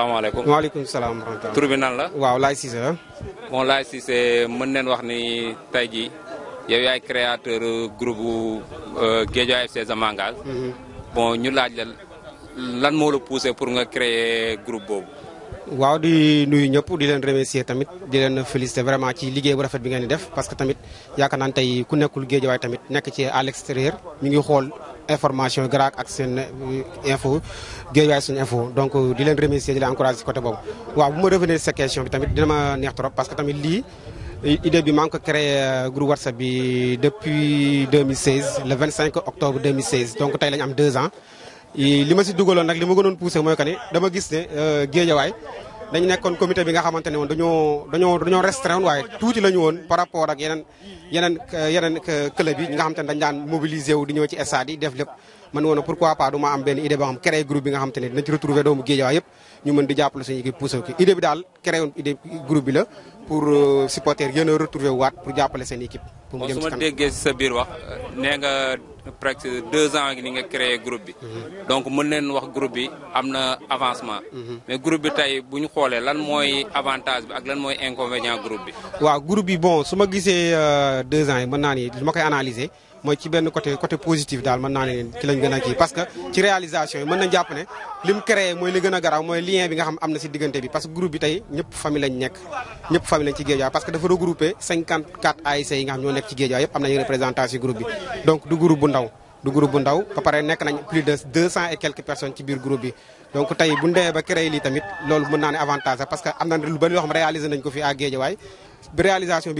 salaamaaleykum waaleykum salaam wa rahmatulah la waaw Laye Cissé la bon Laye Cissé mën neen wax ni tey jii yow yaay créateur groupe euh, Guédiawaye FC Zamangage mhm. bon ñu laaj la lan moo la poussé pour nga créer groupe boobu waaw di nuyu ñëpp di leen remercier tamit di leen féliciter vraiment ci liggéey bu rafet bi ngeen di def parce que tamit yaakaar naan tey ku nekkul Guédiawaye tamit nekk ci à l'extérieur ñu ngi xool information grâce à euh, info Guédiawaye action info donc euh, di leen remercier di je vous côté vous waaw question bi tamit trop parce que euh, groupe WhatsApp depuis 2016 le 25 octobre 2016 donc il y deux ans li ma si dugaloon nag li ma de que dañ nekkoon comité bi nga xamante ne woon dañoo dañoo dañoo restreint woon waaye tuuti la ñu woon par rapport ak yeneen yeneen yeneen euh, club yi nga xamante dañ daan mobiliser wu di ñëw ci SA di def lépp. man woon pourquoi pas du ma am benn idée boo xam créé groupe bi nga xam te ne dinañ retrouver doomu géejawaay yëpp ñu mën di jàppale suñu équipe pousse ki idée bi daal créé woon idée bi la pour euh, supporter yéen a retrouver waat pour jàppale seen équipe pour mu jëm ci su ma biir wax nee nga presque deux ans ni nga créé groupe bi mhm. donc mën leen wax groupe bi am na avancement mhm. groupe bi tey bu ñu xoolee lan mooy avantage ak lan mooy inconvénient groupe bi waaw groupe bi bon su ma gisee euh, deux ans yi mën naa ni li ma koy analyser mooy ci benn côté côté positif daal mën naa ne ci lañ gën a kii parce que ci réalisation yi mën nañ jàpp ne lim créé mooy li gën a mooy lien bi nga xam am na si diggante bi parce que groupe bi tey ñëpp famille lañ nekk ñëpp famille parce que dafa regroupé 54 ASC yi nga xam ñoo nekk ci Guédiawaye yëpp am nañu représentation groupe bi donc du groupe bu ndaw du ba pare nekk nañ plus de 200 et quelques personnes ci biir groupe bi donc tey bu ndee ba créé lii naa ne avantage parce que am na lu bëri loo ko fi à Guédiawaye réalisation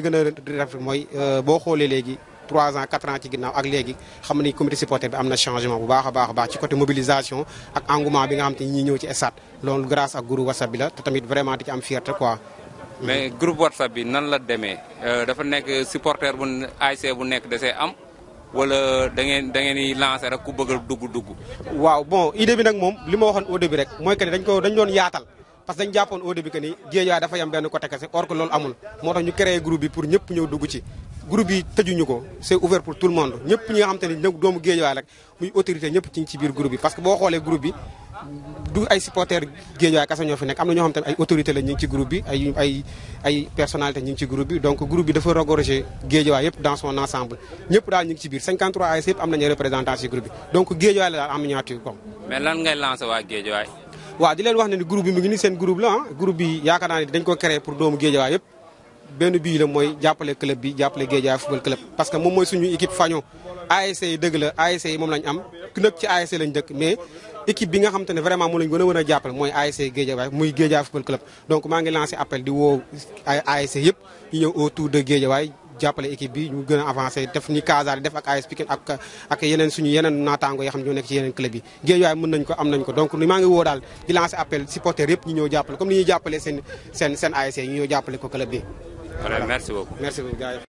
rafet mooy euh, boo xoolee léegi 3 ans 4 ans ci ginnaaw ak léegi xam ni comité supporter bi am na changement bu baax a baax a baax ci côté mobilisation ak engouement bi nga xam te ñi ñëw ci stade loolu grâce ak groupe WhatsApp te tamit vraiment di ci am fierté quoi. mais groupe WhatsApp nan la demee euh, dafa nekk supporter bu ASC bu nekk dasee am. wala da ngeen da ngeen di lancé rek ku bëgg dugg dugg. waaw bon idée bi nag moom li ma waxoon au rek mooy que ne dañ ko doon yaatal. parce que dañu jàppoon au début que ni Guédiawaye dafa yam benn côté kese or que loolu amul moo tax ñu créé groupe bi pour ñëpp ñëw dugg ci groupe bi tëjuñu ko c'est ouvert pour tout le monde ñëpp ñi nga xam te ne doomu Guédiawaye rek muy autorité ñëpp ci ci biir groupe bi parce que boo xoolee groupe bi du ay supporters Guédiawaye kese ñoo fi nek amna na ñoo xam ay autorité la ñu ci groupe bi ay ay ay personnalité ñu ci groupe bi donc groupe bi dafa regorger Guédiawaye yépp dans son ensemble ñepp da ñu ci biir 53 ay yëpp amna nañu représentation ci groupe bi donc Guédiawaye la daal am nañu mais lan ngay lancer wa Guédiawaye waaw di leen wax ne ni groupe bi mu ngi ni seen groupe la ah groupe bi yaakaar naa ne dañ ko créé pour doomu Géejawaay yëpp benn bii la mooy jàppale club bi jàppale Géejawaay football club parce que moom mooy suñu équipe faño ASC yi dëgg la ASC yi moom lañ am ku nekk ci ASC lañ dëkk mais équipe bi nga xam te ne vraiment mu lañ gën a mën a jàppale mooy ASC Géejawaay muy Géejawaay football club donc maa ngi lancé appel di woo ay ASC yëpp ñu ñëw autour de Géejawaay jàppale équipe bi ñu gën def ni Casa def ak AS Pikine ak yeneen suñu yeneen naataango yoo nekk ci yeneen club yi Guédiawaye mën nañ ko am nañ ko donc maa ngi woo daal di appel supporter yëpp ñu ñëw jàppale comme ni ñuy jàppale seen seen seen ASC ñu jàppale ko club bi. merci beaucoup